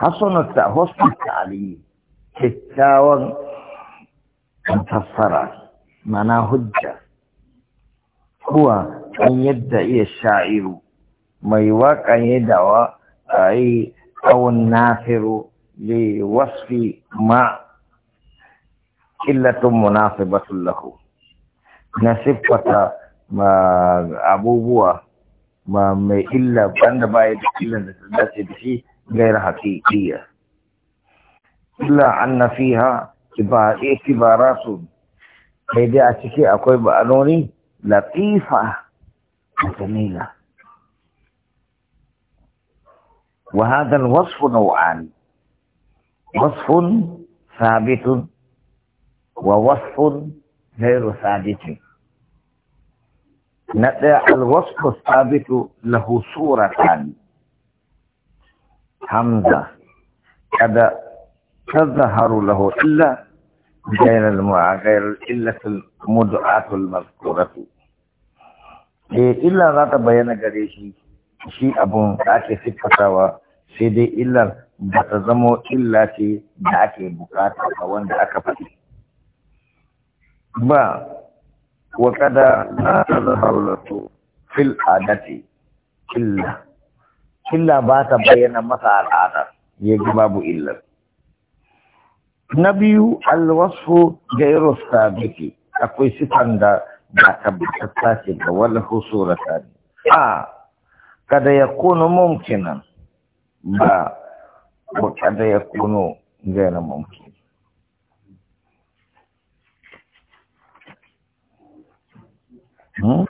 hasanat ta husnul ta'ali kikkiawan mana hujja kuwa an yadda iya sha'iru mai waƙan yadawa a yi awon nafiru li wasfi ma illatun munasibatun lahu na siffata abubuwa ma mai illa banda baya da da ta dace da shi غير حقيقية إلا أن فيها اعتبارات هيدي أتكي أكوي بأنوني لطيفة وجميلة وهذا الوصف نوعان وصف ثابت ووصف غير ثابت الوصف الثابت له صورتان hamza kada tazaharu lahu illa ghayr al mu'aghir illa a mud'atu masu mazkuratu eh illa za ta bayyana gare shi shi abun da ake siffatawa, sai dai illar ba ta zamo illa ce da ake bukata a wanda aka faɗi ba wa kada za ta zaharu lahu fil adati illa illa ba ta bayyana masa al'adar ya ji babu illar na biyu alwasu gairu sabiki akwai sifan da ba tabbatatta ce ga wala husura ta a kada ya kuno mumkinan ba kada ya kuno gairu mumkin